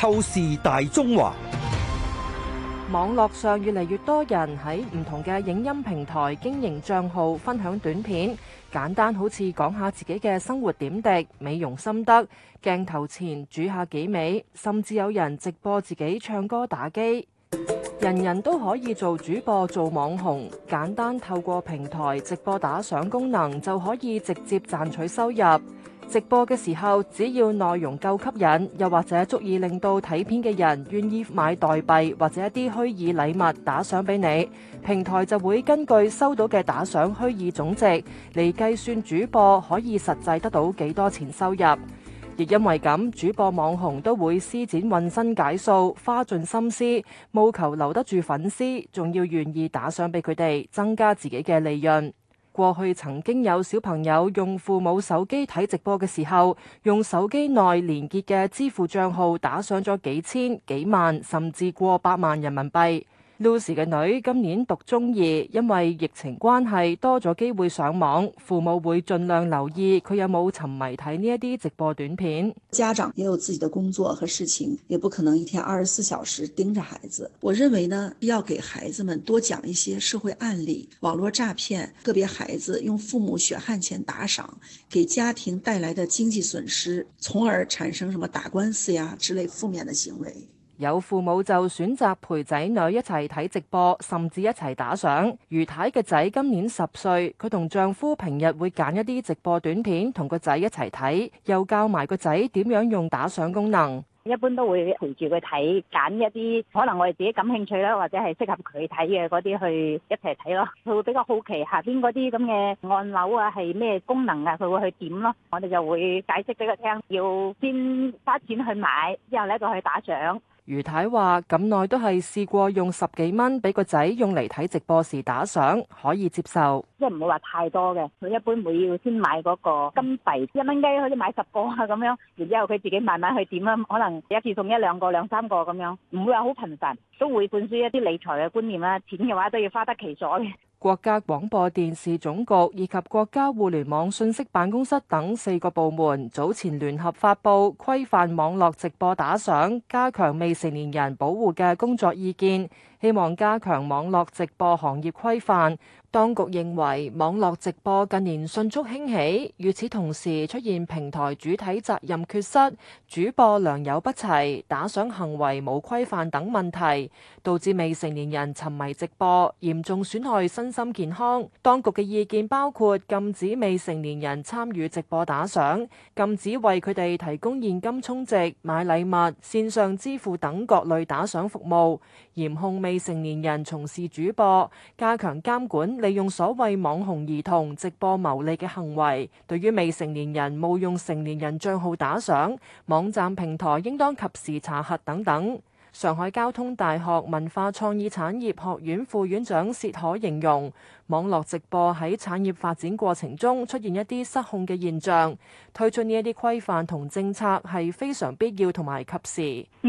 透視大中華，網絡上越嚟越多人喺唔同嘅影音平台經營賬號，分享短片，簡單好似講下自己嘅生活點滴、美容心得，鏡頭前煮下幾味，甚至有人直播自己唱歌、打機，人人都可以做主播、做網紅，簡單透過平台直播打賞功能就可以直接賺取收入。直播嘅時候，只要內容夠吸引，又或者足以令到睇片嘅人願意買代幣或者一啲虛擬禮物打賞俾你，平台就會根據收到嘅打賞虛擬總值嚟計算主播可以實際得到幾多錢收入。亦因為咁，主播網紅都會施展渾身解數，花盡心思，務求留得住粉絲，仲要願意打賞俾佢哋，增加自己嘅利潤。過去曾經有小朋友用父母手機睇直播嘅時候，用手機內連結嘅支付賬號打上咗幾千、幾萬，甚至過百萬人民幣。Lucy 嘅女今年讀中二，因為疫情關係多咗機會上網，父母會盡量留意佢有冇沉迷睇呢一啲直播短片。家長也有自己的工作和事情，也不可能一天二十四小時盯着孩子。我認為呢，要給孩子們多講一些社會案例，網絡詐騙，個別孩子用父母血汗錢打賞，給家庭帶來的經濟損失，從而產生什麼打官司呀、啊、之類負面嘅行為。有父母就選擇陪仔女一齊睇直播，甚至一齊打賞。余太嘅仔今年十歲，佢同丈夫平日會揀一啲直播短片同個仔一齊睇，又教埋個仔點樣用打賞功能。一般都會陪住佢睇，揀一啲可能我哋自己感興趣啦，或者係適合佢睇嘅嗰啲去一齊睇咯。佢會比較好奇下邊嗰啲咁嘅按鈕啊係咩功能啊，佢會去點咯。我哋就會解釋俾佢聽，要先花錢去買，之後咧就去打賞。余太話：咁耐都係試過用十幾蚊俾個仔用嚟睇直播時打賞，可以接受，即係唔會話太多嘅。佢一般會要先買嗰個金幣，一蚊雞可以買十個啊，咁樣，然之後佢自己慢慢去點啊。可能一次送一兩個、兩三個咁樣，唔會話好頻繁，都會灌輸一啲理財嘅觀念啦。錢嘅話都要花得其所嘅。國家廣播電視總局以及國家互聯網信息辦公室等四個部門早前聯合發布《規範網絡直播打賞，加強未成年人保護》嘅工作意見。希望加強網絡直播行業規範。當局認為網絡直播近年迅速興起，與此同時出現平台主體責任缺失、主播良莠不齊、打賞行為冇規範等問題，導致未成年人沉迷直播，嚴重損害身心健康。當局嘅意見包括禁止未成年人參與直播打賞，禁止為佢哋提供現金充值、買禮物、線上支付等各類打賞服務，嚴控未未成年人從事主播，加強監管，利用所謂網紅兒童直播牟利嘅行為，對於未成年人冒用成年人帳號打賞，網站平台應當及時查核等等。上海交通大學文化創意產業學院副院長薛可形容，網絡直播喺產業發展過程中出現一啲失控嘅現象，推出呢一啲規範同政策係非常必要同埋及時。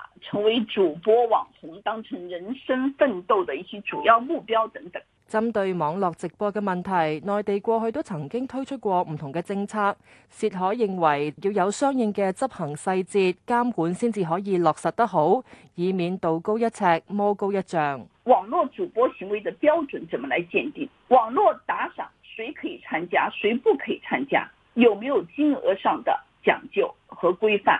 成為主播網紅當成人生奮鬥的一些主要目標等等。針對網絡直播嘅問題，內地過去都曾經推出過唔同嘅政策。薛海認為要有相應嘅執行細節監管先至可以落實得好，以免道高一尺魔高一丈。網絡主播行為嘅標準怎麼來鑒定？網絡打賞誰可以參加，誰不可以參加？有沒有金額上的講究和規範？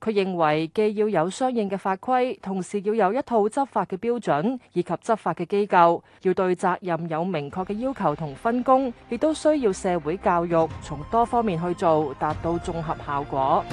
佢認為，既要有相應嘅法規，同時要有一套執法嘅標準，以及執法嘅機構，要對責任有明確嘅要求同分工，亦都需要社會教育，從多方面去做，達到綜合效果。